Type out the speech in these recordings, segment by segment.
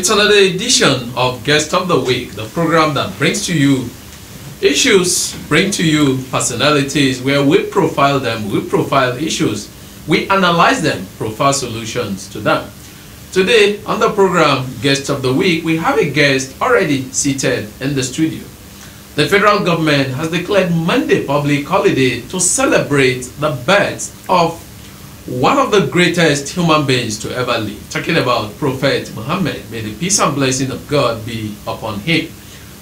It's another edition of Guest of the Week, the program that brings to you issues, bring to you personalities where we profile them, we profile issues, we analyze them, profile solutions to them. Today on the program Guest of the Week, we have a guest already seated in the studio. The federal government has declared Monday public holiday to celebrate the birth of one of the greatest human beings to ever live, talking about Prophet Muhammad, may the peace and blessing of God be upon him.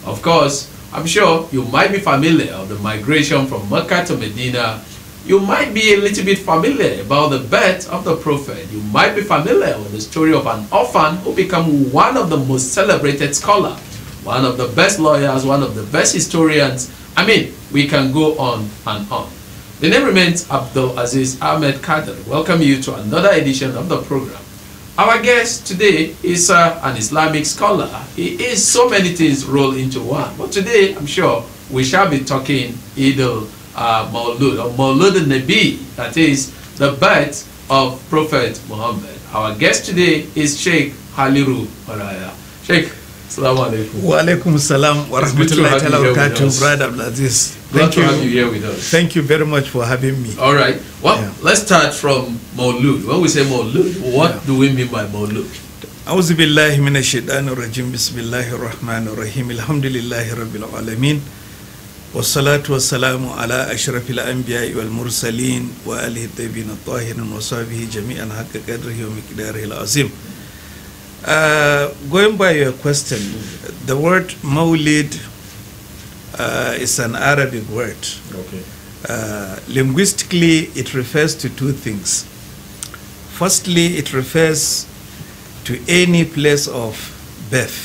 Of course, I'm sure you might be familiar of the migration from Mecca to Medina. You might be a little bit familiar about the birth of the Prophet. You might be familiar with the story of an orphan who became one of the most celebrated scholar, one of the best lawyers, one of the best historians. I mean, we can go on and on. The name remains Abdul Aziz Ahmed Kader. Welcome you to another edition of the program. Our guest today is uh, an Islamic scholar. He is so many things rolled into one. But today, I'm sure, we shall be talking either uh, Maulud or Maulud Nabi, that is the birth of Prophet Muhammad. Our guest today is Sheikh Haliru Maraya. Sheikh, Assalamu alaikum. Wa alaikum salam wa rahmatullahi wa barakatuh, Brother Abdulaziz. Thank you. have you here with us. Thank you very much for having me. All right. Well, yeah. let's start from Maulud. When we say Maulud, what yeah. do we mean by Maulud? أعوذ بالله من الشيطان الرجيم بسم الله الرحمن الرحيم الحمد لله رب العالمين والصلاة والسلام على أشرف الأنبياء والمرسلين وآله الطيبين الطاهرين وصحبه جميعا حق قدره ومقداره العظيم uh, going by your question, the word maulid uh, is an Arabic word. Okay. Uh, linguistically, it refers to two things. Firstly, it refers to any place of birth.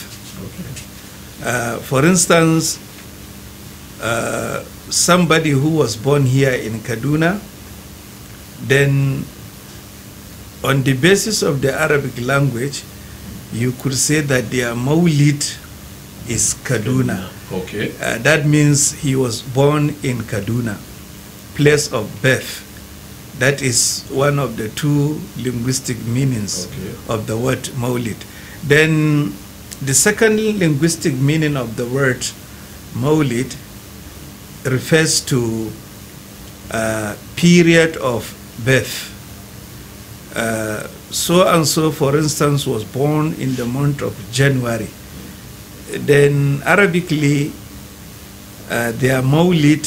Okay. Uh, for instance, uh, somebody who was born here in Kaduna, then on the basis of the Arabic language, you could say that their Maulid is Kaduna. Okay. Uh, that means he was born in Kaduna, place of birth. That is one of the two linguistic meanings okay. of the word Maulid. Then the second linguistic meaning of the word Maulid refers to a uh, period of birth. Uh, so and so, for instance, was born in the month of January, then Arabically, uh, their Maulid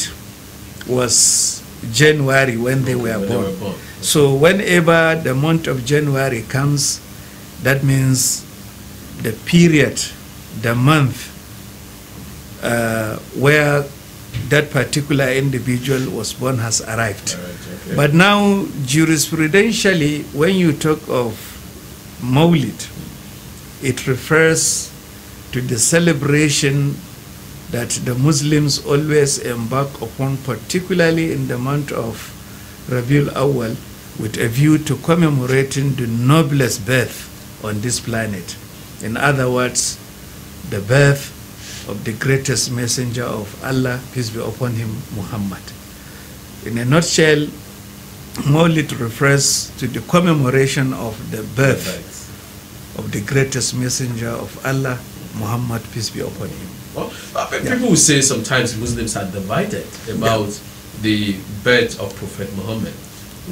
was January when they were born. They were born. So whenever the month of January comes, that means the period, the month uh, where that particular individual was born has arrived. Right. But now, jurisprudentially, when you talk of Maulid, it refers to the celebration that the Muslims always embark upon, particularly in the month of Rabiul Awal, with a view to commemorating the noblest birth on this planet. In other words, the birth of the greatest messenger of Allah, peace be upon him, Muhammad. In a nutshell, Mole refers to the commemoration of the birth of the greatest messenger of Allah, Muhammad, peace be upon him. Well, yeah. People will say sometimes Muslims are divided about yeah. the birth of Prophet Muhammad,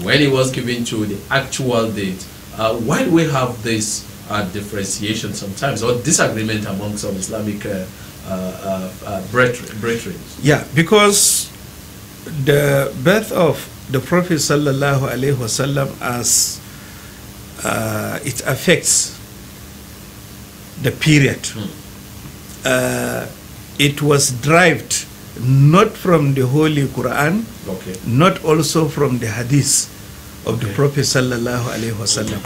when he was given to the actual date. Uh, why do we have this uh, differentiation sometimes or disagreement among some Islamic uh, uh, uh, uh brethren? Yeah, because the birth of the Prophet sallallahu alaihi wasallam as uh, it affects the period. Hmm. Uh, it was derived not from the Holy Quran, okay. not also from the Hadith of okay. the Prophet sallallahu alaihi wasallam.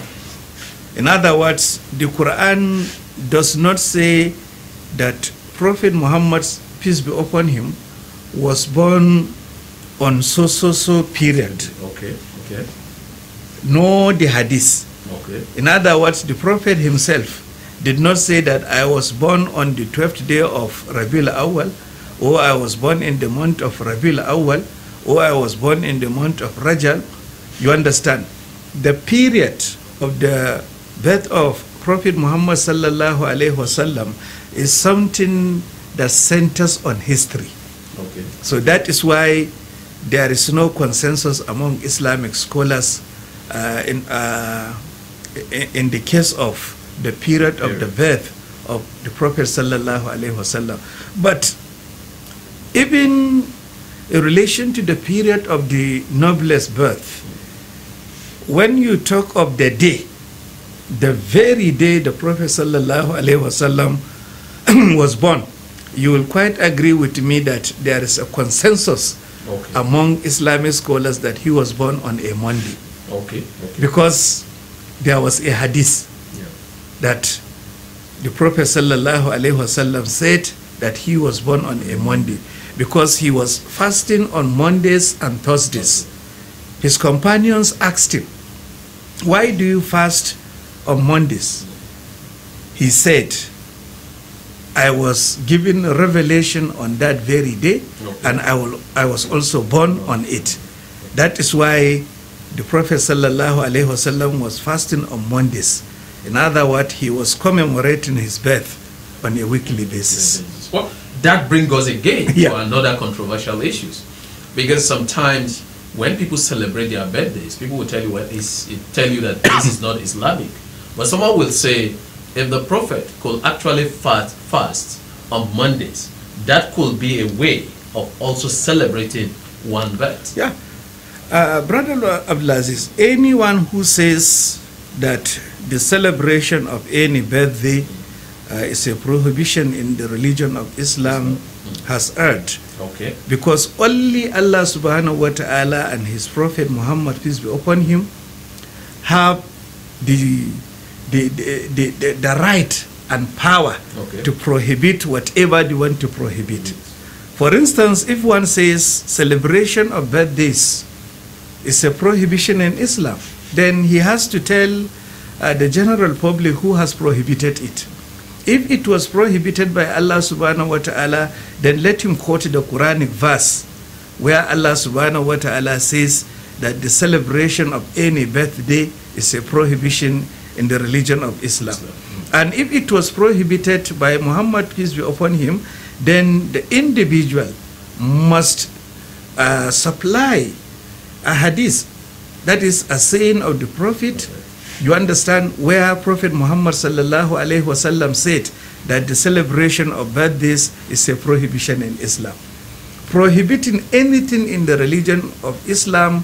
In other words, the Quran does not say that Prophet Muhammad peace be upon him was born on so so so period. Okay. Okay. Know the hadith. Okay. In other words, the Prophet himself did not say that I was born on the 12th day of Rabiul Awal, or I was born in the month of Rabiul Awal, or I was born in the month of Rajab. You understand? The period of the birth of Prophet Muhammad sallallahu alaihi wasallam is something that centers on history. Okay. So that is why there is no consensus among Islamic scholars uh, in, uh, in the case of the period of the birth of the Prophet sallallahu alaihi wasallam. But even in relation to the period of the noblest birth, when you talk of the day, the very day the Prophet sallallahu alaihi wasallam was born, you will quite agree with me that there is a consensus okay. among Islamic scholars that he was born on a Monday. Okay. okay. Because there was a hadith yeah. that the Prophet sallallahu alaihi wasallam said that he was born on a Monday because he was fasting on Mondays and Thursdays. Okay. His companions asked him, "Why do you fast on Mondays?" He said, I was given revelation on that very day, and I, will, I was also born on it. That is why the Prophet wasallam was fasting on Mondays. In other words, he was commemorating his birth on a weekly basis. Well, that brings us again yeah. to another controversial issues, because sometimes when people celebrate their birthdays, people will tell you, well, tell you that this is not Islamic. But someone will say, if the prophet could actually fast, fast on Mondays, that could be a way of also celebrating one birth. Yeah. Uh, Brother Abdulaziz, anyone who says that the celebration of any birthday uh, is a prohibition in the religion of Islam has erred. Okay. Because only Allah subhanahu wa ta'ala and his prophet Muhammad, peace be upon him, have the the, the, the, the right and power okay. to prohibit whatever they want to prohibit. Yes. For instance, if one says celebration of birthdays is a prohibition in Islam, then he has to tell uh, the general public who has prohibited it. If it was prohibited by Allah subhanahu wa ta'ala, then let him quote the Quranic verse where Allah subhanahu wa ta'ala says that the celebration of any birthday is a prohibition in the religion of Islam. And if it was prohibited by Muhammad, peace be upon him, then the individual must uh, supply a hadith, that is a saying of the Prophet. You understand where Prophet Muhammad sallallahu alayhi wasallam said that the celebration of birthdays is a prohibition in Islam. Prohibiting anything in the religion of Islam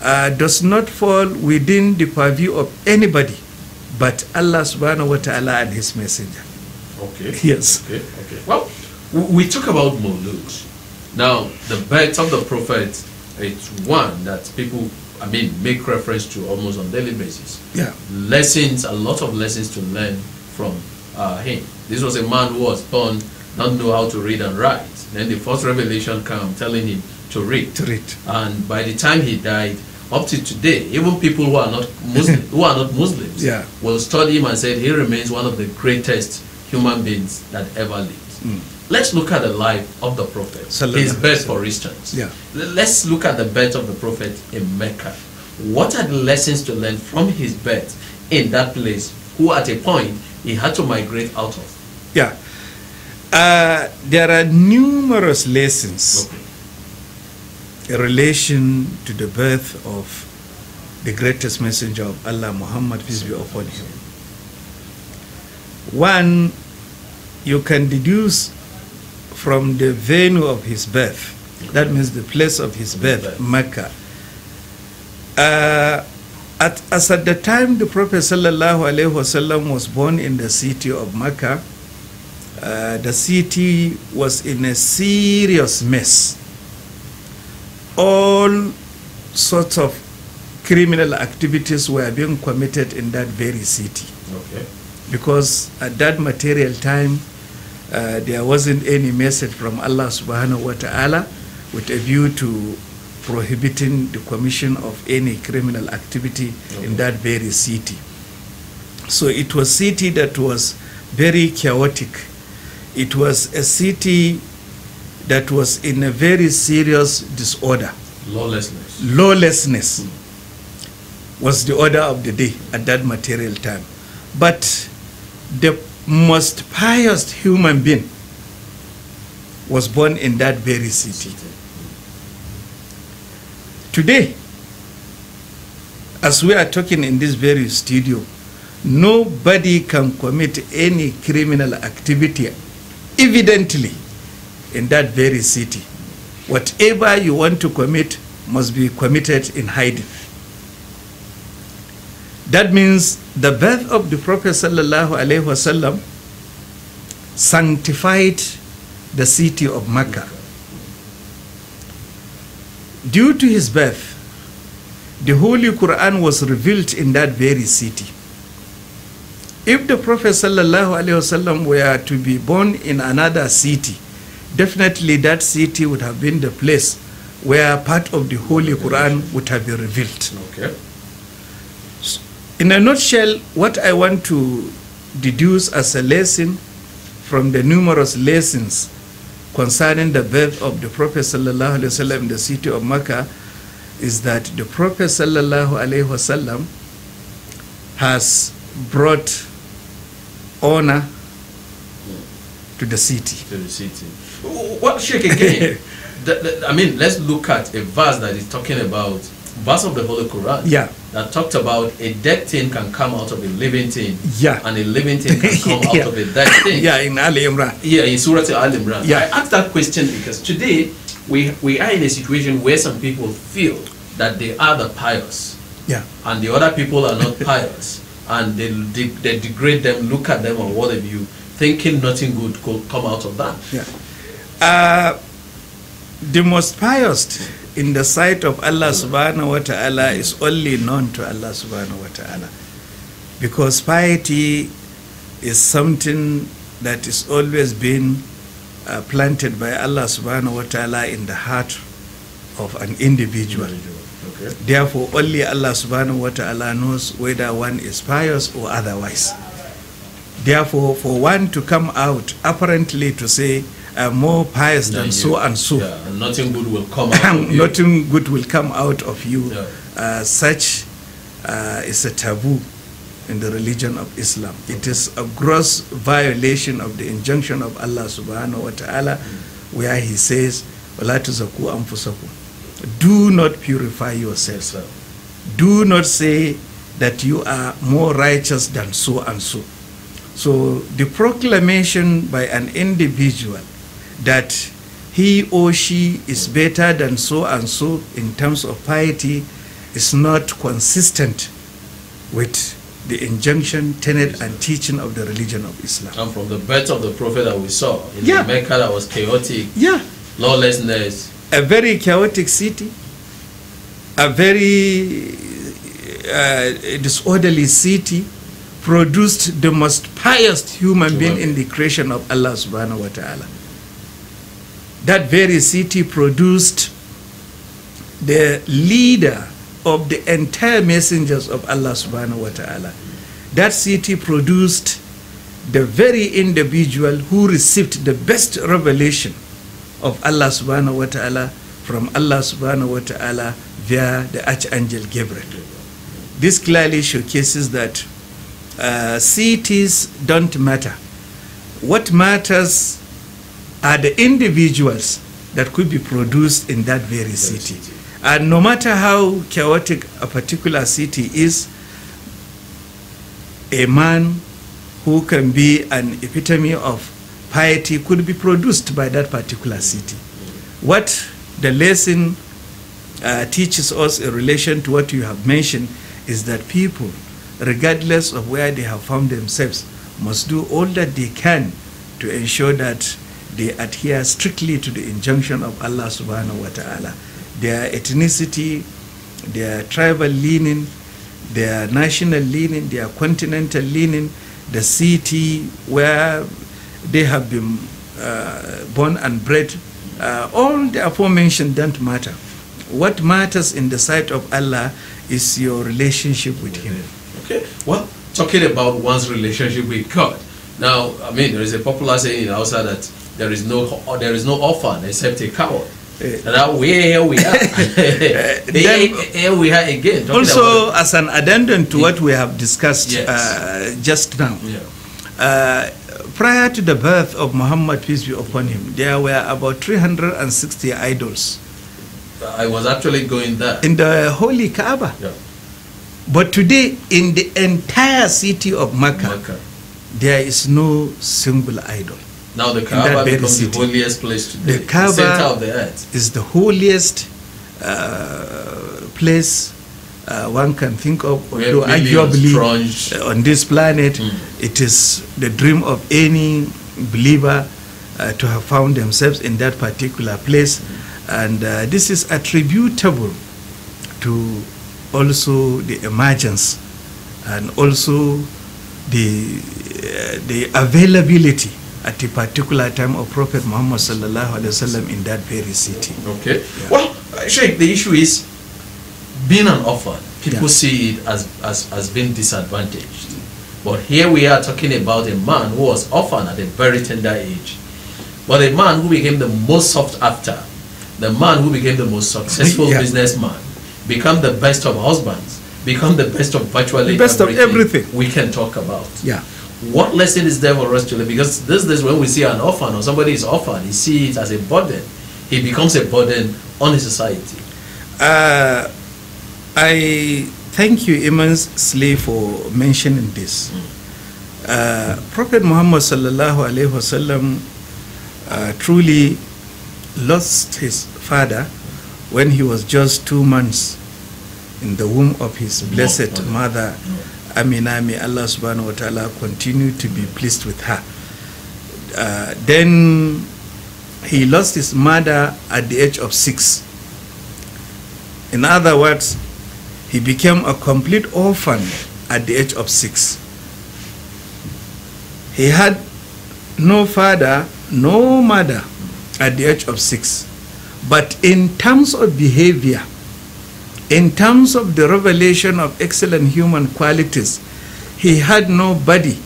uh, does not fall within the purview of anybody but Allah subhanahu wa ta'ala and his messenger. Okay. Yes. Okay, okay. Well, we talk about Muluk. Now, the birth of the prophet, it's one that people, I mean, make reference to almost on daily basis. Yeah. Lessons, a lot of lessons to learn from uh, him. This was a man who was born, not know how to read and write. Then the first revelation came telling him to read. To read. And by the time he died, up to today, even people who are not Muslim, who are not Muslims yeah. will study him and say he remains one of the greatest human beings that ever lived. Mm. Let's look at the life of the Prophet, Salam his birth for instance. Yeah. Let's look at the birth of the Prophet in Mecca. What are the lessons to learn from his birth in that place who at a point he had to migrate out of? Yeah. Uh, there are numerous lessons. Okay a relation to the birth of the greatest messenger of Allah, Muhammad, peace be upon him. One, you can deduce from the venue of his birth, that means the place of his birth, Mecca. Uh, at, as at the time the Prophet wasallam was born in the city of Mecca, uh, the city was in a serious mess all sorts of criminal activities were being committed in that very city. Okay. Because at that material time, uh, there wasn't any message from Allah subhanahu wa ta'ala with a view to prohibiting the commission of any criminal activity okay. in that very city. So it was a city that was very chaotic. It was a city that was in a very serious disorder. Lawlessness. Lawlessness was the order of the day at that material time. But the most pious human being was born in that very city. Today, as we are talking in this very studio, nobody can commit any criminal activity evidently in that very city. Whatever you want to commit must be committed in hiding. That means the birth of the Prophet sallallahu alaihi wasallam sanctified the city of Mecca. Due to his birth, the Holy Quran was revealed in that very city. If the Prophet sallallahu alaihi wasallam were to be born in another city, definitely that city would have been the place where part of the Holy Quran would have been revealed. Okay. In a nutshell, what I want to deduce as a lesson from the numerous lessons concerning the birth of the Prophet sallallahu wasallam in the city of Mecca is that the Prophet sallallahu wasallam has brought honor to the city. To the city. What shake again? I mean, let's look at a verse that is talking about verse of the Holy Quran. Yeah. That talked about a dead thing can come out of a living thing. Yeah. And a living thing can come out of a dead thing. Yeah, in Al Imran. Yeah, in Surah Al Imran. Yeah. I ask that question because today we we are in a situation where some people feel that they are the pious. Yeah. And the other people are not pious. And they, they, they, degrade them, look at them or what have you, thinking nothing good could come out of that. Yeah. Uh, the most pious in the sight of Allah subhanahu wa ta'ala is only known to Allah subhanahu wa ta'ala. Because piety is something that is always been uh, planted by Allah subhanahu wa ta'ala in the heart of an individual. Okay. Therefore, only Allah subhanahu wa ta'ala knows whether one is pious or otherwise. Therefore, for one to come out apparently to say, uh, more pious than, than so and so. Yeah, and nothing good will come out of you. Nothing good will come out of you. Yeah. Uh, such uh, is a taboo in the religion of Islam. It is a gross violation of the injunction of Allah subhanahu wa ta'ala mm. where he says, وَلَا تُزَكُوا Do not purify yourselves. Yes, Do not say that you are more righteous than so and so. So the proclamation by an individual that he or she is better than so and so in terms of piety is not consistent with the injunction, tenet, and teaching of the religion of Islam. And from the birth of the prophet that we saw in yeah. Mecca, that was chaotic, yeah, lawlessness, a very chaotic city, a very uh, disorderly city, produced the most pious human, human being in the creation of Allah Subhanahu wa Taala that very city produced the leader of the entire messengers of Allah subhanahu wa ta'ala. That city produced the very individual who received the best revelation of Allah subhanahu wa ta'ala from Allah subhanahu wa ta'ala via the Archangel Gabriel. This clearly showcases that uh, cities don't matter. What matters are the individuals that could be produced in that very city. And no matter how chaotic a particular city is, a man who can be an epitome of piety could be produced by that particular city. What the lesson uh, teaches us in relation to what you have mentioned is that people, regardless of where they have found themselves, must do all that they can to ensure that they adhere strictly to the injunction of Allah subhanahu wa ta'ala. Their ethnicity, their tribal leaning, their national leaning, their continental leaning, the city where they have been uh, born and bred, uh, all the aforementioned don't matter. What matters in the sight of Allah is your relationship with Him. Okay, well, talking about one's relationship with God. Now, I mean, there is a popular saying in Hausa that there is no oh, there is no orphan except a coward. Eh. And now we here we are. Eh, then, here we are again. Also, about, as an addendum to it, what we have discussed yes. uh, just now, yeah. uh, prior to the birth of Muhammad peace be upon him, there were about 360 idols. I was actually going there in the holy Kaaba. Yeah. But today, in the entire city of Makkah, Mecca. there is no single idol. Now the Kaaba becomes city. the holiest place today. The Kaaba the center of the earth. is the holiest uh, place uh, one can think of, although arguably uh, on this planet, mm. it is the dream of any believer uh, to have found themselves in that particular place. Mm. And uh, this is attributable to also the emergence and also the, uh, the availability at the particular time of Prophet Muhammad sallallahu alaihi wasallam in that very city. Okay. Yeah. Well, Sheikh, the issue is being an orphan. People yeah. see it as, as as being disadvantaged, but here we are talking about a man who was orphan at a very tender age, but a man who became the most sought after, the man who became the most successful yeah. businessman, become the best of husbands, become the best of virtually the best everything of everything we can talk about. Yeah. What lesson is there for us to learn? Because this is when we see an orphan or somebody is orphan, he sees it as a burden. He becomes a burden on his society. Uh, I thank you immensely for mentioning this. Mm. Uh, Prophet Muhammad sallallahu alaihi wasallam uh, truly lost his father when he was just two months in the womb of his blessed mother mm. Amina, may Allah subhanahu wa ta'ala continue to be pleased with her. Uh, then he lost his mother at the age of six. In other words, he became a complete orphan at the age of six. He had no father, no mother at the age of six. But in terms of behavior, In terms of the revelation of excellent human qualities, he had nobody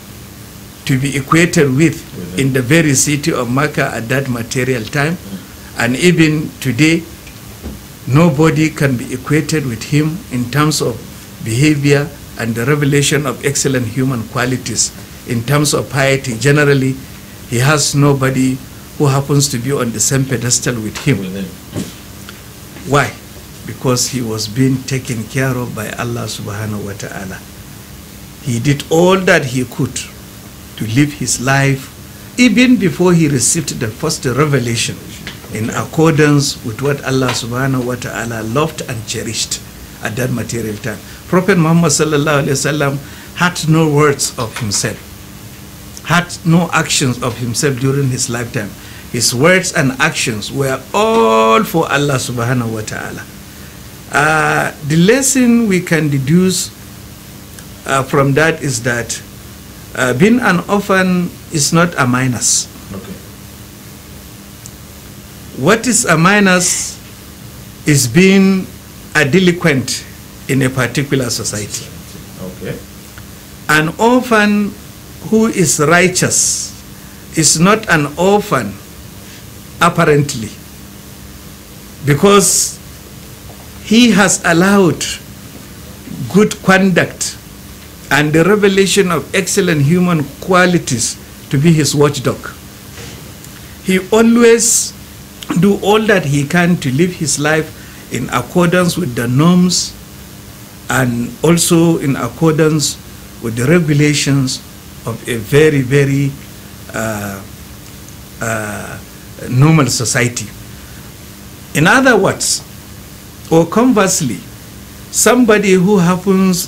to be equated with in the very city of Mecca at that material time. Hmm. And even today, nobody can be equated with him in terms of behavior and the revelation of excellent human qualities. In terms of piety, generally, he has nobody who happens to be on the same pedestal with him. Why? because he was being taken care of by Allah subhanahu wa ta'ala. He did all that he could to live his life even before he received the first revelation in accordance with what Allah subhanahu wa ta'ala loved and cherished at that material time. Prophet Muhammad sallallahu alayhi sallam had no words of himself, had no actions of himself during his lifetime. His words and actions were all for Allah subhanahu wa ta'ala. Uh, the lesson we can deduce uh, from that is that uh, being an orphan is not a minus. Okay. What is a minus is being a delinquent in a particular society. Okay. An orphan who is righteous is not an orphan apparently because he has allowed good conduct and the revelation of excellent human qualities to be his watchdog. He always do all that he can to live his life in accordance with the norms and also in accordance with the regulations of a very, very uh, uh, normal society. In other words, or conversely, somebody who happens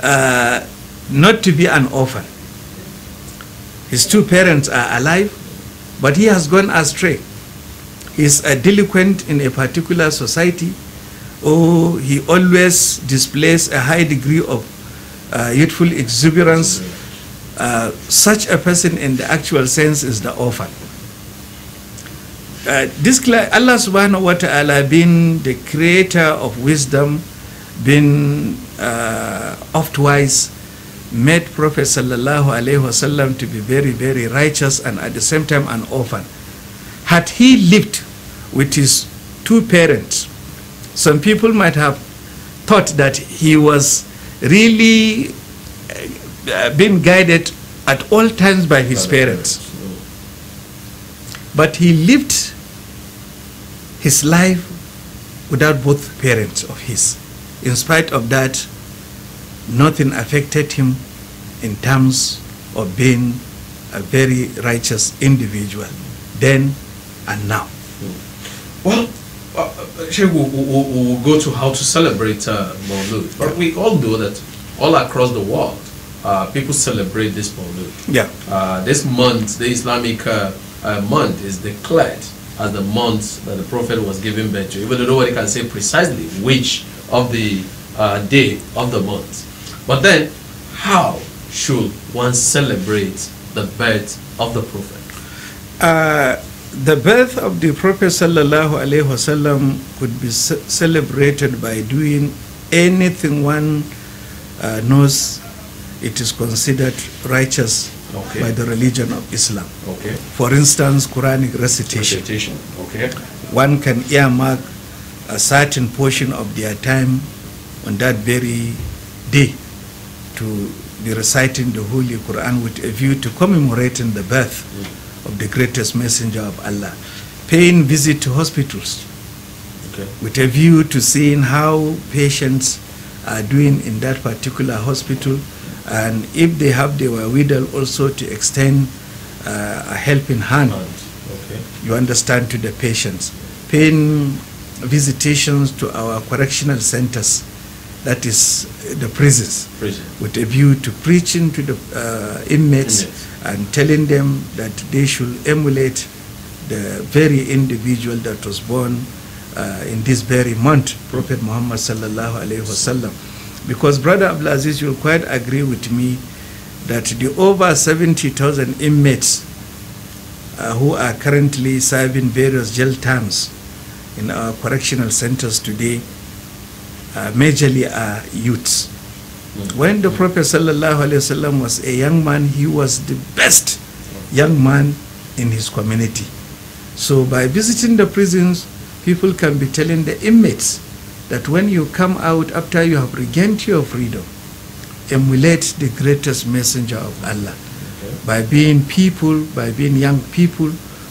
uh, not to be an orphan. His two parents are alive, but he has gone astray. He's a delinquent in a particular society, or oh, he always displays a high degree of uh, youthful exuberance. Uh, such a person in the actual sense is the orphan. Uh, this Allah subhanahu wa ta'ala being the creator of wisdom being uh, oft made prophet sallallahu alaihi wasallam to be very very righteous and at the same time an orphan had he lived with his two parents some people might have thought that he was really uh, uh being guided at all times by his parents but he lived his life without both parents of his. In spite of that, nothing affected him in terms of being a very righteous individual then and now. Well, uh, we'll, we'll, we'll, go to how to celebrate uh, Maulud, but yeah. we all know that all across the world, uh, people celebrate this Maulud. Yeah. Uh, this month, the Islamic uh, uh, month, is declared as the month that the prophet was giving birth to, even though nobody can say precisely which of the uh, day of the month. But then, how should one celebrate the birth of the prophet? Uh, the birth of the prophet sallallahu alaihi wasallam could be celebrated by doing anything one uh, knows it is considered righteous okay. by the religion of Islam. Okay. For instance, Quranic recitation. recitation. Okay. One can earmark a certain portion of their time on that very day to be reciting the Holy Quran with a view to commemorating the birth mm. of the greatest messenger of Allah. Paying visit to hospitals okay. with a view to seeing how patients are doing in that particular hospital and if they have, they were also to extend uh, a helping hand, okay. you understand, to the patients. Paying visitations to our correctional centers, that is the prisons, Prison. with a view to preaching to the uh, inmates, inmates and telling them that they should emulate the very individual that was born uh, in this very month, Prophet Muhammad sallallahu alaihi wasallam. Because Brother Abdulaziz, you'll quite agree with me that the over 70,000 inmates uh, who are currently serving various jail terms in our correctional centers today uh, majorly are youths. Mm. When the Prophet ﷺ was a young man, he was the best young man in his community. So by visiting the prisons, people can be telling the inmates that when you come out after you have regained your freedom, emulate the greatest messenger of Allah okay. by being people, by being young people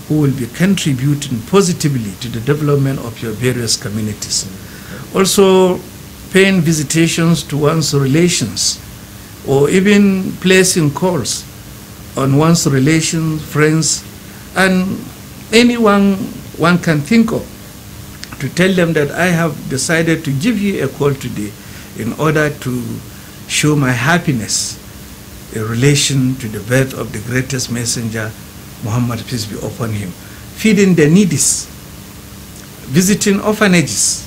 who will be contributing positively to the development of your various communities. Also, paying visitations to one's relations or even placing calls on one's relations, friends, and anyone one can think of to tell them that I have decided to give you a call today in order to show my happiness in relation to the birth of the greatest messenger, Muhammad, peace be upon him. Feeding the needy, visiting orphanages,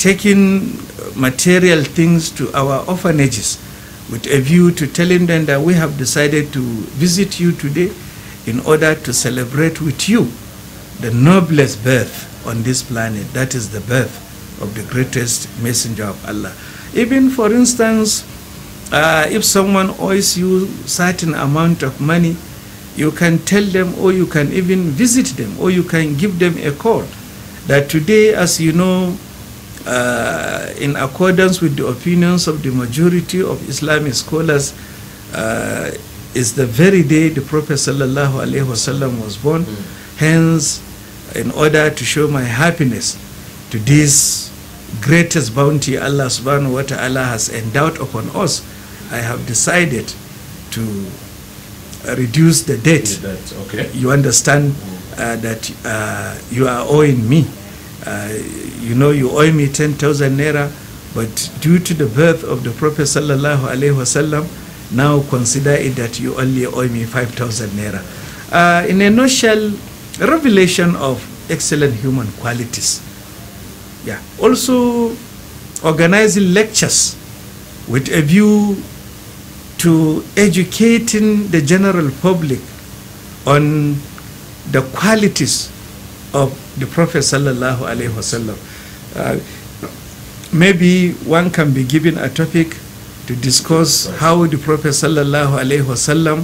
taking material things to our orphanages with a view to telling them that we have decided to visit you today in order to celebrate with you the noblest birth on this planet. That is the birth of the greatest messenger of Allah. Even for instance, uh, if someone owes you certain amount of money, you can tell them or you can even visit them or you can give them a call that today, as you know, uh, in accordance with the opinions of the majority of Islamic scholars, uh, is the very day the Prophet ﷺ was born. Mm. Hence, in order to show my happiness to this greatest bounty Allah subhanahu wa ta'ala has endowed upon us, I have decided to reduce the debt. Okay. You understand mm. uh, that uh, you are owing me. Uh, you know, you owe me 10,000 naira, but due to the birth of the Prophet sallallahu alaihi wasallam, now consider it that you only owe me 5,000 naira. Uh, in a nutshell, a revelation of excellent human qualities. Yeah. Also organizing lectures with a view to educating the general public on the qualities of the Prophet sallallahu alaihi wasallam. Uh, maybe one can be given a topic to discuss how the Prophet sallallahu alaihi wasallam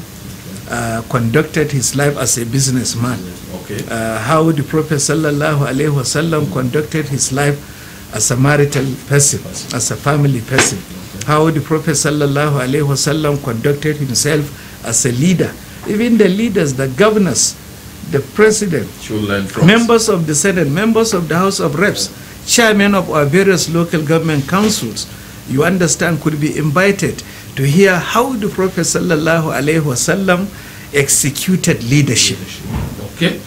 uh, conducted his life as a businessman okay. uh, how the Prophet sallallahu alaihi wasallam conducted his life as a marital person, as a family person. How the Prophet sallallahu alaihi wasallam conducted himself as a leader. Even the leaders, the governors, the president, members of the Senate, members of the House of Reps, chairmen of our various local government councils, you understand, could be invited to hear how the Prophet sallallahu alaihi wasallam executed leadership. Okay.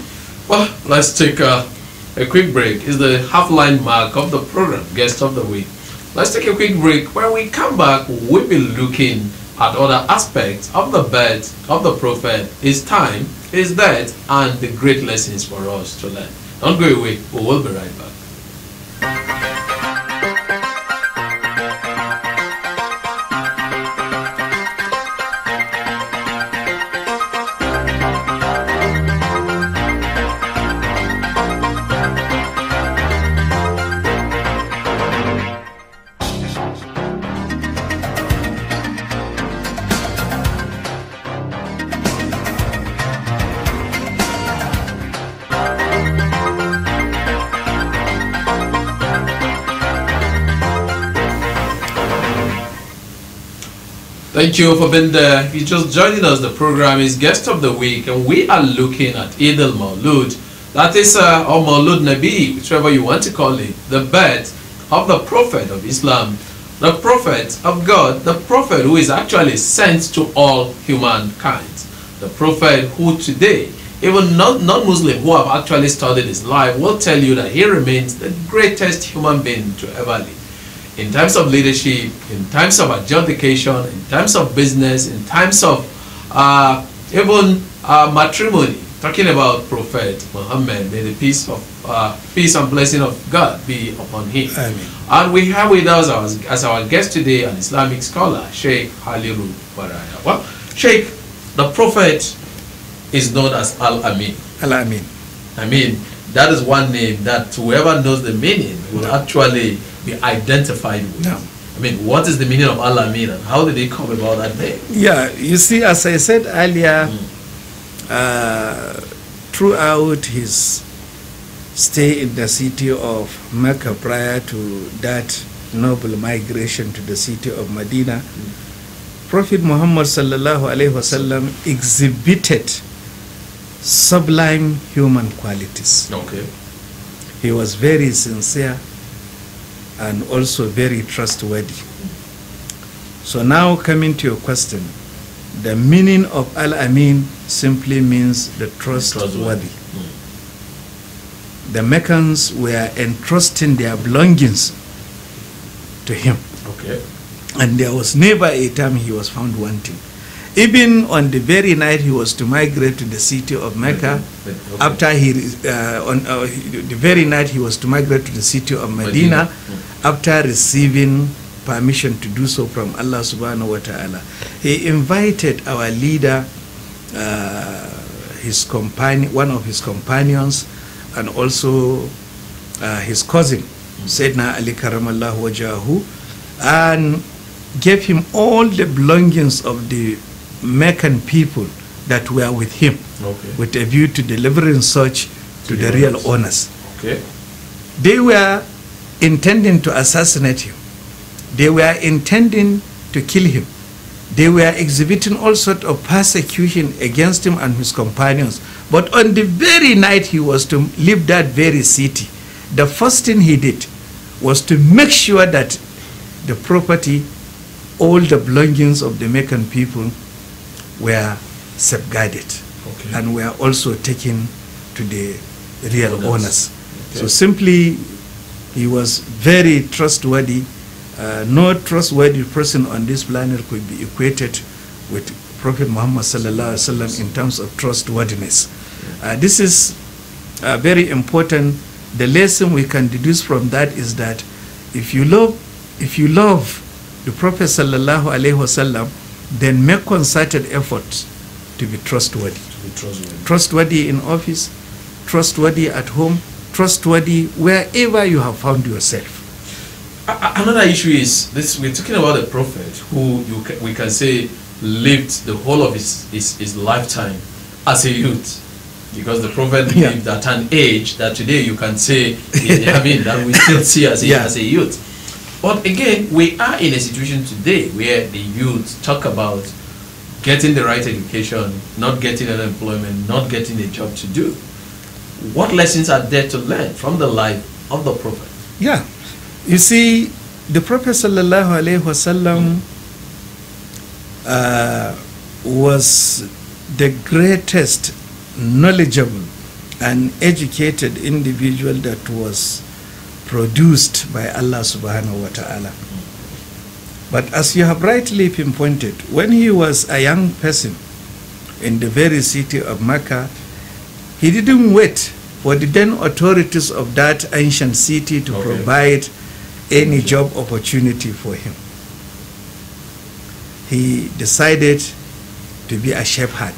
Well, let's take a, a quick break. It's the half-line mark of the program, Guest of the Week. Let's take a quick break. When we come back, we'll be looking at other aspects of the birth of the prophet, his time, his death, and the great lessons for us to learn. Don't go away. We will be right back. Thank you for being there. If you're just joining us, the program is Guest of the Week, and we are looking at Eid al Maulud. That is, uh, or Maulud Nabi, whichever you want to call it, the birth of the Prophet of Islam, the Prophet of God, the Prophet who is actually sent to all humankind, the Prophet who today, even non-Muslim who have actually studied his life, will tell you that he remains the greatest human being to ever live in times of leadership, in times of adjudication, in times of business, in times of uh, even uh, matrimony. Talking about Prophet Muhammad, may the peace of uh, peace and blessing of God be upon him. Amen. And we have with us as, as our guest today an Islamic scholar, Sheikh Halilu Baraya. Well, Sheikh, the Prophet is known as Al Amin. Al Amin. I mean, that is one name that whoever knows the meaning will actually be identified with. No. I mean, what is the meaning of al Mean? and how did it come about that day? Yeah, you see, as I said earlier, mm. uh, throughout his stay in the city of Mecca prior to that noble migration to the city of Medina, mm. Prophet Muhammad sallallahu alaihi wasallam exhibited sublime human qualities. Okay. He was very sincere and also very trustworthy. So now coming to your question, the meaning of Al-Amin simply means the trustworthy. The Meccans were entrusting their belongings to him. Okay. And there was never a time he was found wanting. Even on the very night he was to migrate to the city of Mecca, okay. Okay. after he, uh, on uh, the very night he was to migrate to the city of Medina, Medina. Mm. after receiving permission to do so from Allah subhanahu wa ta'ala. He invited our leader, uh, his companion, one of his companions, and also uh, his cousin, mm. Sayyidina Ali Karamallahu Wajahu, and gave him all the belongings of the Meccan people that were with him okay. with a view to delivering such to the real owners. Okay. They were intending to assassinate him. They were intending to kill him. They were exhibiting all sorts of persecution against him and his companions. But on the very night he was to leave that very city, the first thing he did was to make sure that the property, all the belongings of the Meccan people were safeguarded okay. and were also taken to the real owners. Okay. So simply, he was very trustworthy. Uh, no trustworthy person on this planet could be equated with Prophet Muhammad sallallahu alaihi wasallam in terms of trustworthiness. Uh, this is uh, very important. The lesson we can deduce from that is that if you love, if you love the Prophet sallallahu alaihi wasallam, then make concerted efforts to be trustworthy. To be trustworthy. trustworthy in office, trustworthy at home, trustworthy wherever you have found yourself. Another issue is this: we're talking about a prophet who you we can say lived the whole of his, his, his lifetime as a youth because the prophet yeah. lived at an age that today you can say, I mean, that we still see as a, yeah. as a youth. But again, we are in a situation today where the youth talk about getting the right education, not getting unemployment, not getting a job to do. What lessons are there to learn from the life of the Prophet? Yeah. You see, the Prophet sallallahu alaihi wasallam uh, was the greatest knowledgeable and educated individual that was produced by Allah subhanahu wa ta'ala. But as you have rightly pinpointed, when he was a young person in the very city of Mecca, he didn't wait for the then authorities of that ancient city to okay. provide any job opportunity for him. He decided to be a shepherd.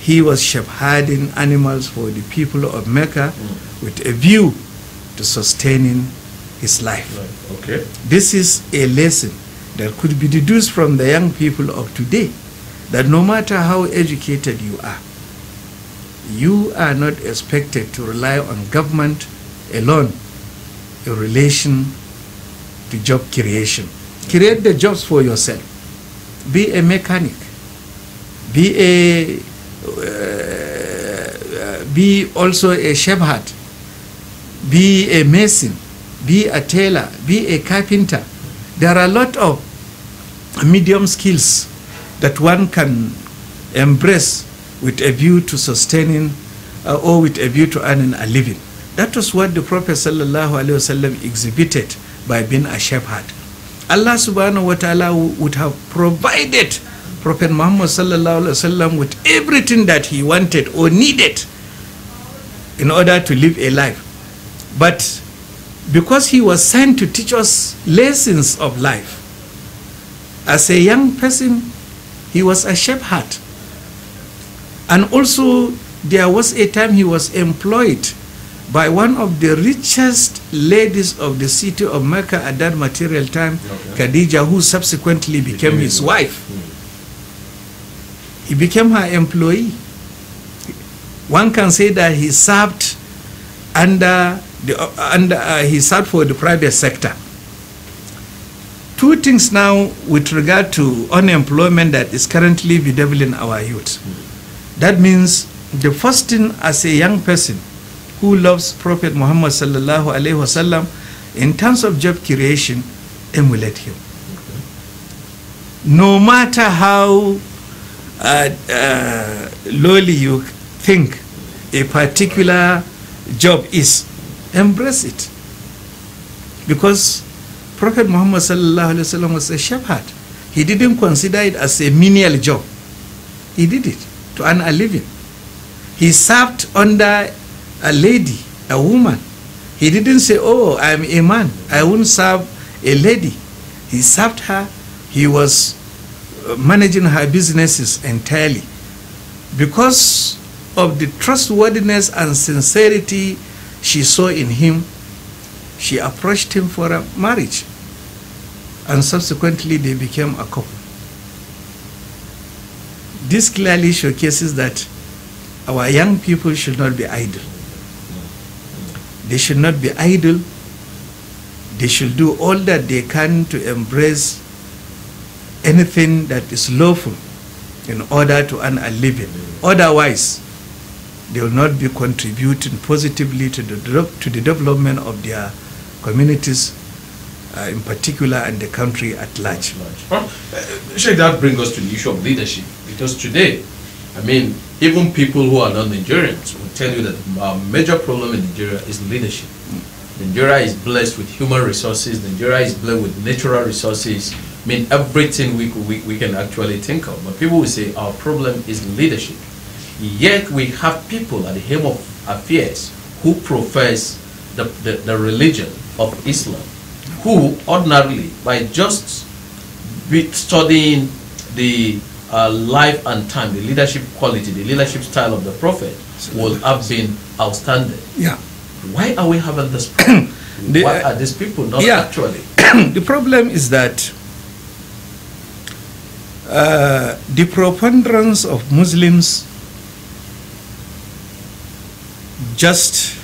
He was shepherding animals for the people of Mecca mm. with a view to sustaining his life. Right. Okay. This is a lesson that could be deduced from the young people of today that no matter how educated you are, you are not expected to rely on government alone in relation to job creation. Create the jobs for yourself. Be a mechanic. Be a uh, uh be also a shepherd be a mason, be a tailor, be a carpenter. There are a lot of medium skills that one can embrace with a view to sustaining uh, or with a view to earning a living. That was what the Prophet sallallahu sallam exhibited by being a shepherd. Allah subhanahu wa ta'ala would have provided Prophet Muhammad sallallahu sallam with everything that he wanted or needed in order to live a life But because he was sent to teach us lessons of life, as a young person, he was a shepherd. And also, there was a time he was employed by one of the richest ladies of the city of Mecca at that material time, okay. Khadija, who subsequently became, his wife. He became her employee. One can say that he served under the, uh, and uh, he sat for the private sector. Two things now with regard to unemployment that is currently bedeviling our youth. That means the first thing as a young person who loves Prophet Muhammad sallallahu alaihi wasallam in terms of job creation, emulate him. No matter how uh, uh, lowly you think a particular job is, embrace it. Because Prophet Muhammad was a shepherd. He didn't consider it as a menial job. He did it to earn a living. He served under a lady, a woman. He didn't say, oh, I'm a man. I won't serve a lady. He served her. He was uh, managing her businesses entirely. Because of the trustworthiness and sincerity she saw in him, she approached him for a marriage. And subsequently, they became a couple. This clearly showcases that our young people should not be idle. They should not be idle. They should do all that they can to embrace anything that is lawful in order to earn a living. Otherwise, they will not be contributing positively to the, to the development of their communities uh, in particular and the country at large. Well, uh, that brings us to the issue of leadership because today, I mean, even people who are not Nigerians will tell you that our major problem in Nigeria is leadership. Mm. Nigeria is blessed with human resources, Nigeria is blessed with natural resources. I mean, everything we, we, we can actually think of. But people will say our problem is leadership. Yet we have people at the helm of affairs who profess the, the, the religion of Islam, who ordinarily, by just studying the uh, life and time, the leadership quality, the leadership style of the prophet, would have been outstanding. Yeah. Why are we having this? the, Why are these people not yeah. actually? the problem is that uh, the preponderance of Muslims just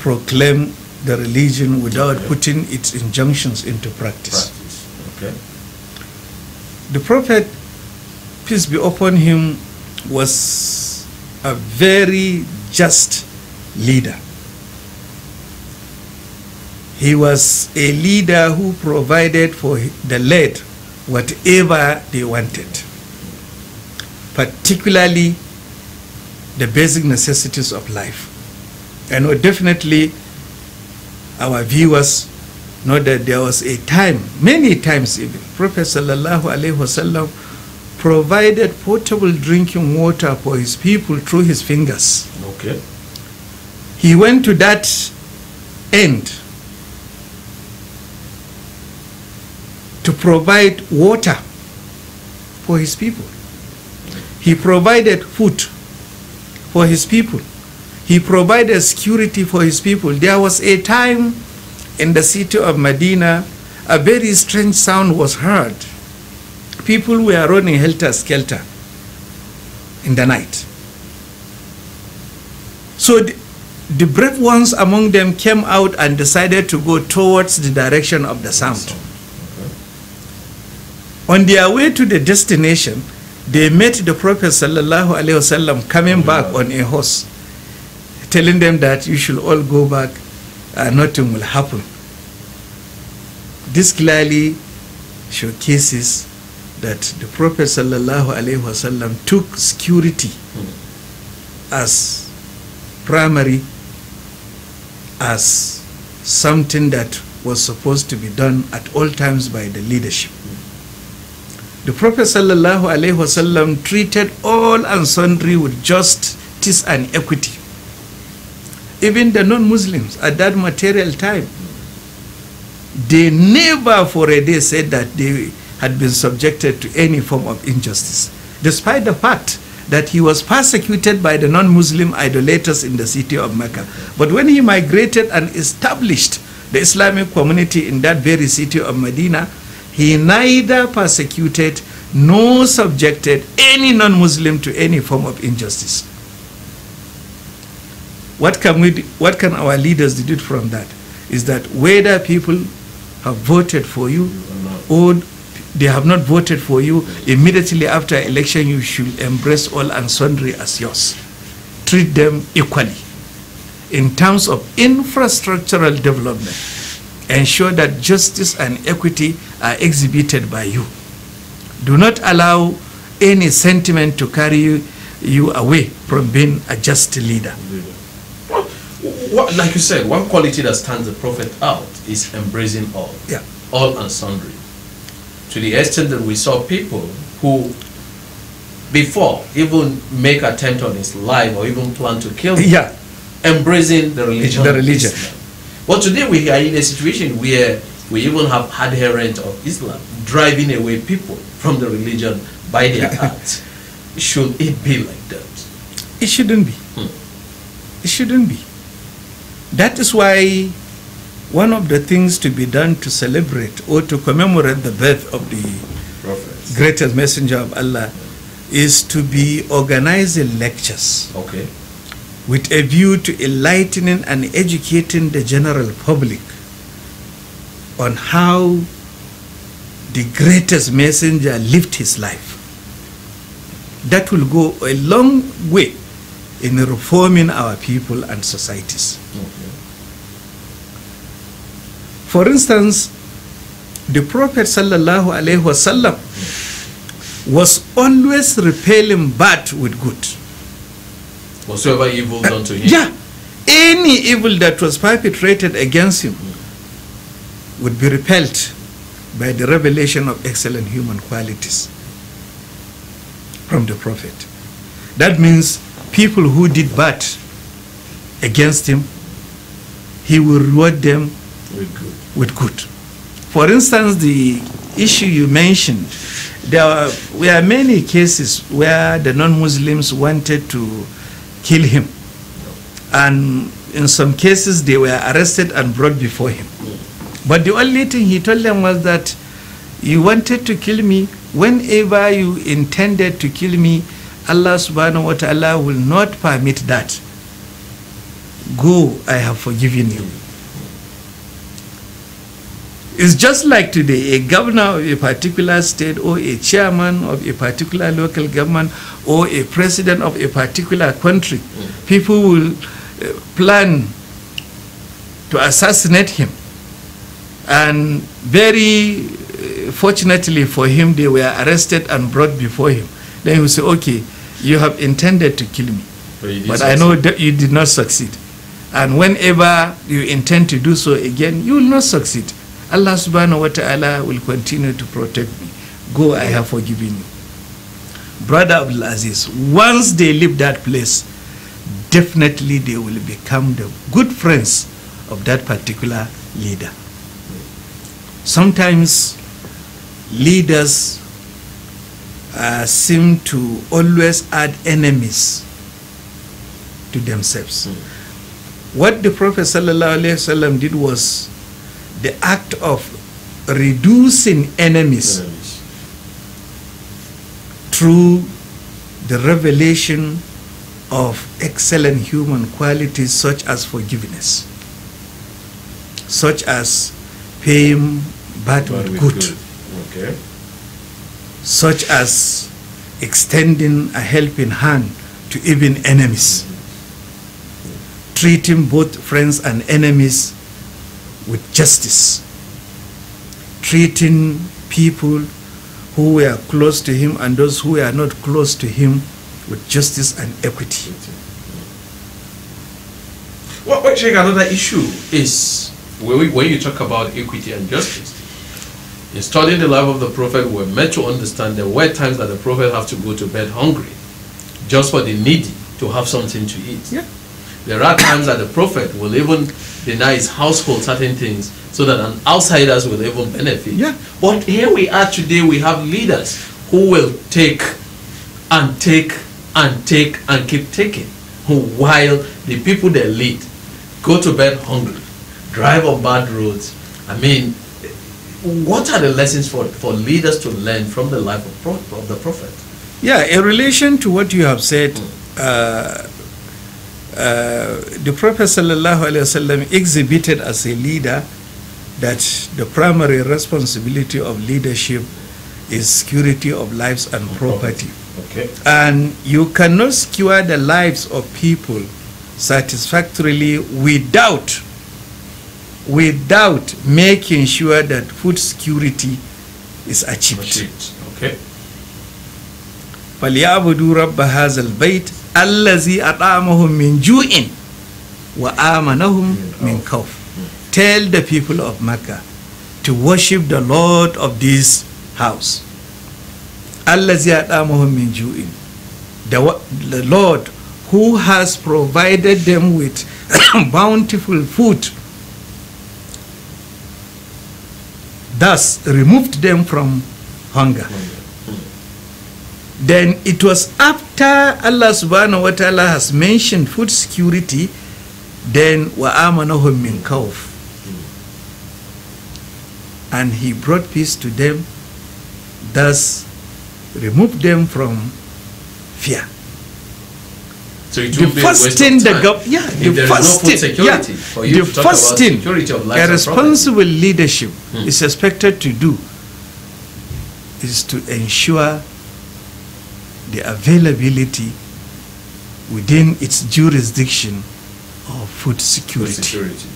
proclaim the religion without okay. putting its injunctions into practice. practice. Okay. The Prophet, peace be upon him, was a very just leader. He was a leader who provided for the led whatever they wanted, particularly the basic necessities of life. And definitely our viewers know that there was a time, many times even, Prophet Sallallahu Alaihi Wasallam provided portable drinking water for his people through his fingers. Okay. He went to that end to provide water for his people. He provided food for his people. He provided security for his people. There was a time in the city of Medina, a very strange sound was heard. People were running helter-skelter in the night. So the, the, brave ones among them came out and decided to go towards the direction of the sound. On their way to the destination, they met the Prophet sallallahu alaihi wasallam coming back on a horse, telling them that you should all go back, uh, nothing will happen. This clearly showcases that the Prophet sallallahu alaihi wasallam took security as primary, as something that was supposed to be done at all times by the leadership. The Prophet sallallahu alaihi wasallam treated all and sundry with justice and equity. Even the non-Muslims at that material time, they never for a day said that they had been subjected to any form of injustice, despite the fact that he was persecuted by the non-Muslim idolaters in the city of Mecca. But when he migrated and established the Islamic community in that very city of Medina, he neither persecuted nor subjected any non-Muslim to any form of injustice. What can, we do, what can our leaders deduce from that? Is that whether people have voted for you or they have not voted for you, immediately after election you should embrace all and sundry as yours. Treat them equally. In terms of infrastructural development, ensure that justice and equity are exhibited by you. Do not allow any sentiment to carry you, you away from being a just leader. What, like you said, one quality that stands the prophet out is embracing all, yeah. all and sundry. To the extent that we saw people who, before even make attempt on his life or even plan to kill him, yeah. embracing the religion. The religion. But today we are in a situation where we even have adherents of Islam driving away people from the religion by their acts. Should it be like that? It shouldn't be. Hmm. It shouldn't be. That is why one of the things to be done to celebrate or to commemorate the birth of the Prophets. greatest messenger of Allah is to be organizing lectures. Okay with a view to enlightening and educating the general public on how the greatest messenger lived his life. That will go a long way in reforming our people and societies. Okay. For instance, the Prophet sallallahu alaihi wasallam was always repelling bad with good. Whatsoever evil done to him. Yeah. Any evil that was perpetrated against him, mm would be repelled by the revelation of excellent human qualities from the prophet. That means people who did bad against him, he will reward them with good. With good. For instance, the issue you mentioned, there were, were many cases where the non-Muslims wanted to kill him. And in some cases, they were arrested and brought before him. But the only thing he told them was that you wanted to kill me. Whenever you intended to kill me, Allah subhanahu wa ta'ala will not permit that. Go, I have forgiven you. It's just like today, a governor of a particular state or a chairman of a particular local government or a president of a particular country, mm. people will uh, plan to assassinate him and very eh, fortunately for him, they were arrested and brought before him. Then he will say, okay, you have intended to kill me. But, but I know that you did not succeed. And whenever you intend to do so again, you will not succeed. Allah subhanahu wa ta'ala will continue to protect me. Go, I have forgiven you. Brother Abdul Aziz, once they leave that place, definitely they will become the good friends of that particular leader sometimes leaders uh, seem to always add enemies to themselves. Mm. What the Prophet ﷺ did was the act of reducing enemies, enemies through the revelation of excellent human qualities such as forgiveness, such as fame but, but with good. good. Okay. Such as extending a helping hand to even enemies. Mm -hmm. Treating both friends and enemies with justice. Treating people who were close to him and those who were not close to him with justice and equity. Well, actually, another issue is when you talk about equity and justice, in studying the life of the prophet, we're meant to understand there were times that the prophet have to go to bed hungry, just for the needy to have something to eat. Yeah. There are times that the prophet will even deny his household certain things so that an outsiders will even benefit. Yeah. But here we are today, we have leaders who will take and take and take and keep taking while the people they lead go to bed hungry drive on bad roads. I mean, what are the lessons for, for leaders to learn from the life of, of the prophet? Yeah, in relation to what you have said, hmm. uh, uh, the Prophet ﷺ exhibited as a leader that the primary responsibility of leadership is security of lives and property. Okay. And you cannot secure the lives of people satisfactorily without without making sure that food security is achieved. فَلْيَعْبُدُوا رَبَّ هَذَا الْبَيْتِ البيت الذي مِنْ من وَآمَنَهُمْ مِنْ من Tell the people of Mecca to worship the Lord of this house. الذي أطعمهم مِنْ جوع. The Lord who has provided them with bountiful food thus removed them from hunger. Then it was after Allah subhanahu wa ta'ala has mentioned food security, then wa'amana min kawf. And he brought peace to them, thus removed them from fear. So it the first thing the government, yeah, if the first no thing, yeah, the first thing a responsible leadership hmm. is expected to do is to ensure the availability within its jurisdiction of food security. Food security.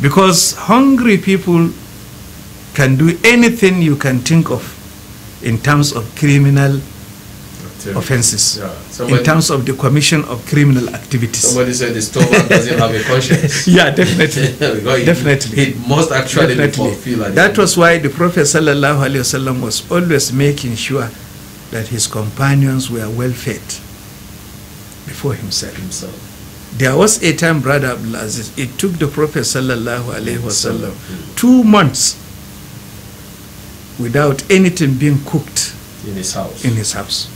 Because hungry people can do anything you can think of in terms of criminal offenses yeah. Somebody, in terms of the commission of criminal activities. Somebody said the storeman doesn't have a conscience. yeah, definitely. definitely. It must actually definitely. That was why the Prophet wasallam was always making sure that his companions were well fed before himself. himself. There was a time, Brother Abdul Aziz, it took the Prophet wasallam two months without anything being cooked in his house. In his house.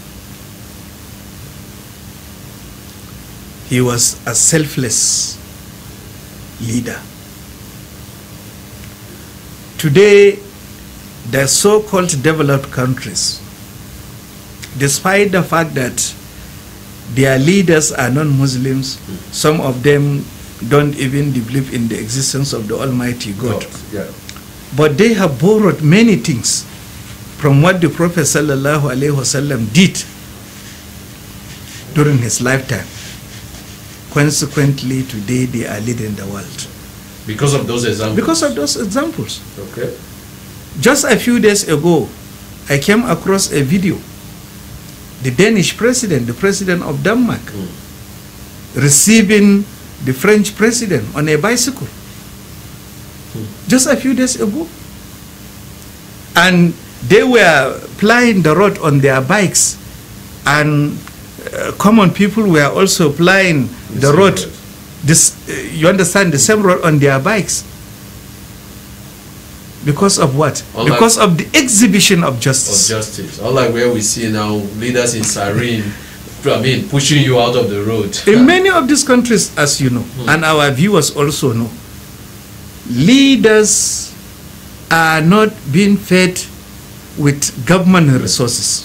He was a selfless leader. Today, the so-called developed countries, despite the fact that their leaders are non-Muslims, some of them don't even believe in the existence of the Almighty God. God yeah. But they have borrowed many things from what the Prophet did during his lifetime. Consequently, today they are leading the world. Because of those examples? Because of those examples. Okay. Just a few days ago, I came across a video. The Danish president, the president of Denmark, mm. receiving the French president on a bicycle. Mm. Just a few days ago. And they were plying the road on their bikes, and uh, common people were also plying the road, this, uh, you understand, the same road on their bikes. Because of what? Unlike because of the exhibition of justice. Of justice. Unlike where we see now leaders in Sirene, I mean, pushing you out of the road. In many of these countries, as you know, hmm. and our viewers also know, leaders are not being fed with government resources.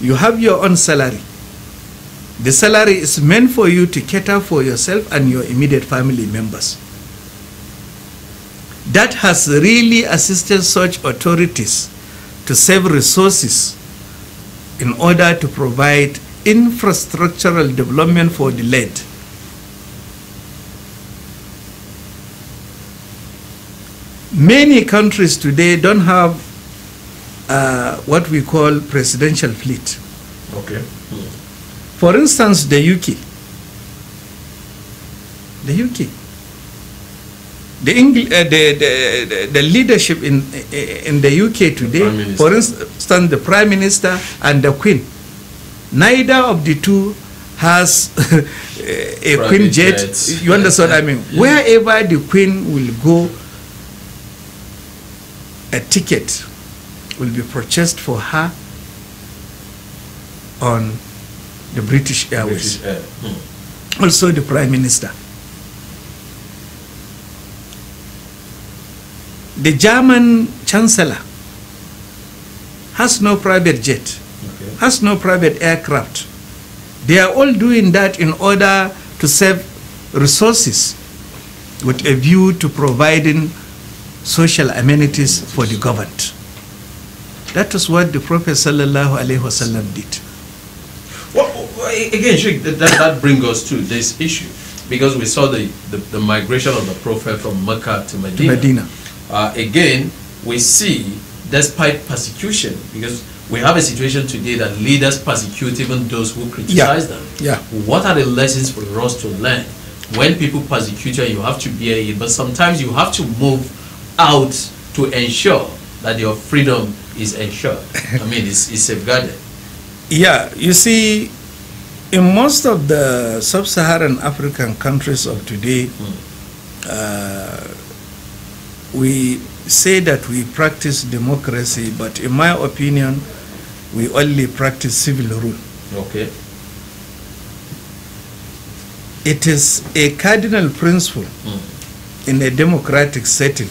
You have your own salary. The salary is meant for you to cater for yourself and your immediate family members. That has really assisted such authorities to save resources in order to provide infrastructural development for the land. Many countries today don't have uh, what we call presidential fleet. Okay. For instance, the UK. The UK. The, English, uh, the, the, the, leadership in, uh, in the UK today, the for instance, the Prime Minister and the Queen, neither of the two has uh, a Private Queen jet. Jets. You understand yeah. what I mean? Yeah. Wherever the Queen will go, a ticket will be purchased for her on the British Airways, British Air. mm. also the Prime Minister. The German Chancellor has no private jet, okay. has no private aircraft. They are all doing that in order to save resources with a view to providing social amenities for the governed. That was what the Prophet sallallahu Wasallam did. again, that, that brings us to this issue because we saw the, the, the, migration of the Prophet from Mecca to Medina. Medina. Uh, again, we see, despite persecution, because we have a situation today that leaders persecute even those who criticize yeah. them. Yeah. What are the lessons for us to learn? When people persecute you, you have to bear it, but sometimes you have to move out to ensure that your freedom is ensured. I mean, it's, it's safeguarded. Yeah, you see, in most of the sub-Saharan African countries of today, uh, we say that we practice democracy, but in my opinion, we only practice civil rule. Okay. It is a cardinal principle mm. in a democratic setting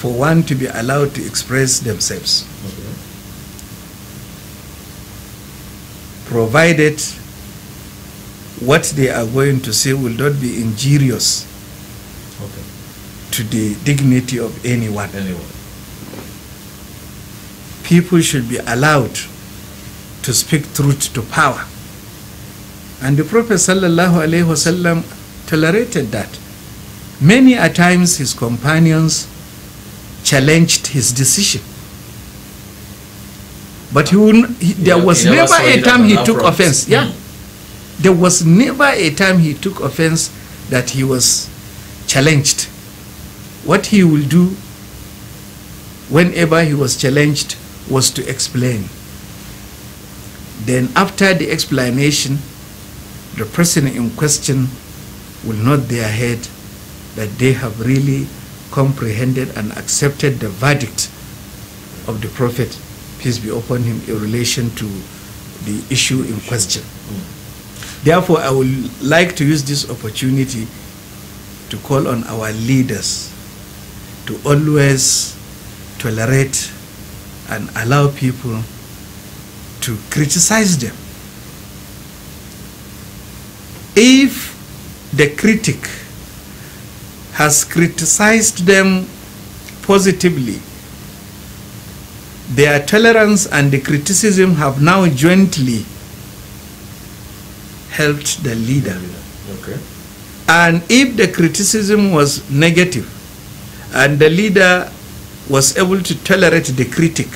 for one to be allowed to express themselves. Okay. Provided what they are going to say will not be injurious okay. to the dignity of anyone. anyone. People should be allowed to speak truth to power. And the Prophet wasallam tolerated that. Many a times his companions challenged his decision. But he, he there was never, never a time he took offense. Yeah. Mm. There was never a time he took offense that he was challenged. What he will do whenever he was challenged was to explain. Then after the explanation, the person in question will nod their head that they have really comprehended and accepted the verdict of the Prophet, peace be upon him, in relation to the issue in question. Therefore, I would like to use this opportunity to call on our leaders to always tolerate and allow people to criticize them. If the critic has criticized them positively, their tolerance and the criticism have now jointly helped the leader. Okay. And if the criticism was negative and the leader was able to tolerate the critic,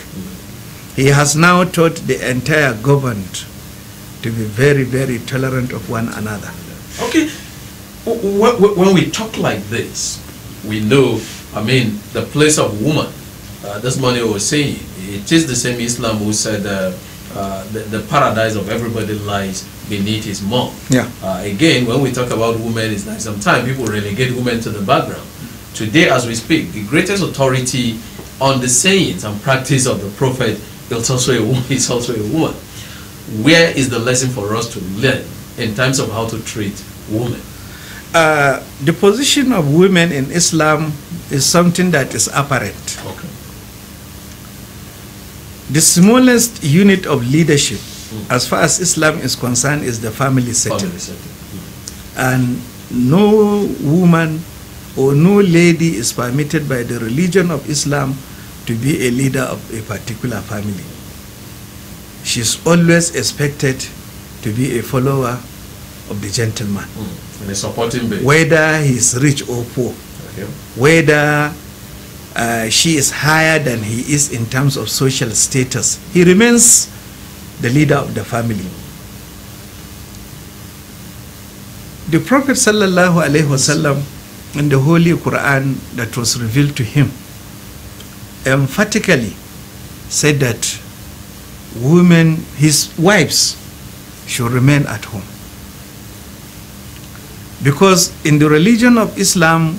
he has now taught the entire government to be very, very tolerant of one another. Okay. When we talk like this, we know, I mean, the place of woman, uh, this we was saying, it is the same Islam who said uh, uh, the, the paradise of everybody lies beneath his mom. Yeah. Uh, again, when we talk about women, it's like sometimes people relegate women to the background. Today, as we speak, the greatest authority on the sayings and practice of the prophet is also a woman. Is also a woman. Where is the lesson for us to learn in terms of how to treat women? Uh, the position of women in Islam is something that is apparent. Okay. The smallest unit of leadership as far as Islam is concerned, is the family setting. Family setting. And no woman or no lady is permitted by the religion of Islam to be a leader of a particular family. She is always expected to be a follower of the gentleman. Mm. a supporting base. Whether he rich or poor. Okay. Whether uh, she is higher than he is in terms of social status. He remains the leader of the family. The Prophet sallallahu alaihi wasallam in the Holy Quran that was revealed to him emphatically said that women, his wives, should remain at home. Because in the religion of Islam,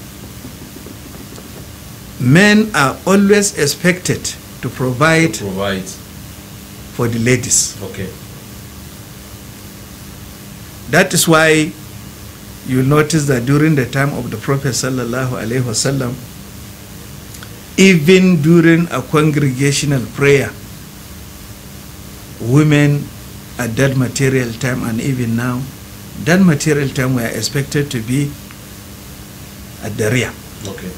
men are always expected to provide, to provide for the ladies. Okay. That is why you notice that during the time of the Prophet sallallahu alaihi wasallam, even during a congregational prayer, women at that material time and even now, that material time were expected to be at the rear. Okay.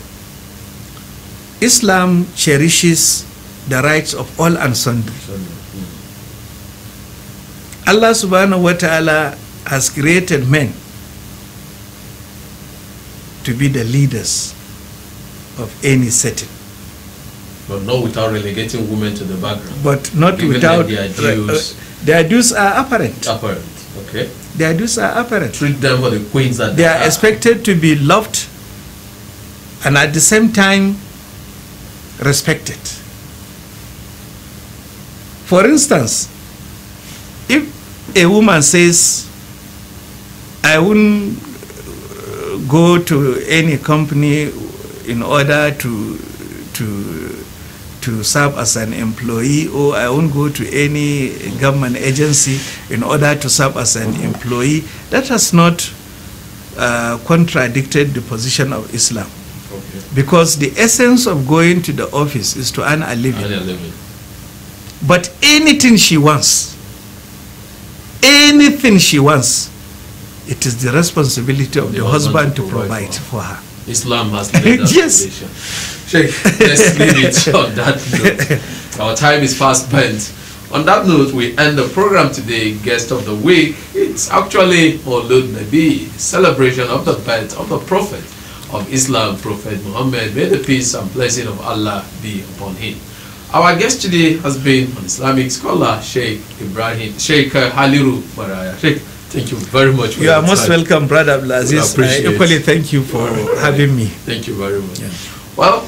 Islam cherishes the rights of all and sundry. Allah subhanahu wa ta'ala has created men to be the leaders of any setting. But not without relegating women to the background. But not Even without their adus. Uh, uh, their dues are apparent. Apparent. Okay. Their dues are apparent. Treat them for the queens that they, they are, are expected to be loved and at the same time respected. For instance, a woman says, I wouldn't uh, go to any company in order to, to, to serve as an employee, or I won't go to any government agency in order to serve as an employee, that has not uh, contradicted the position of Islam. Because the essence of going to the office is to earn a living. Earn a living. But anything she wants, anything she wants, it is the responsibility of the, the husband, husband to provide, provide for, her. for her. Islam has made that yes. Sheikh, let's leave it on that note. Our time is fast spent. On that note, we end the program today. Guest of the week, it's actually Maulud Nabi, celebration of the birth of the Prophet of Islam, Prophet Muhammad. May the peace and blessing of Allah be upon him. Our guest today has been an Islamic scholar, Sheikh Ibrahim, Sheikh uh, Haliru Baraya. Sheikh, thank you very much. For you are most time. welcome, Brother Abdulaziz. Well, I equally thank you for oh, having me. Thank you very much. Yeah. Well,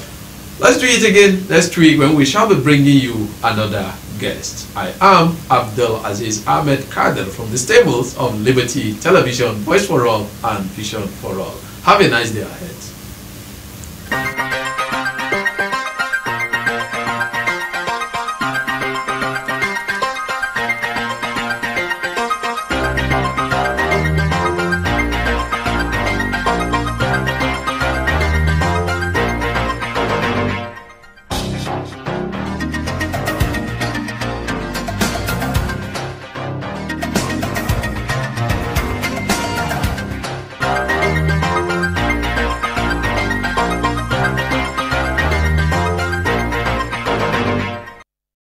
let's do it again next week when we shall be bringing you another guest. I am Abdul Aziz Ahmed Kader from the stables of Liberty Television, Voice for All and Vision for All. Have a nice day ahead.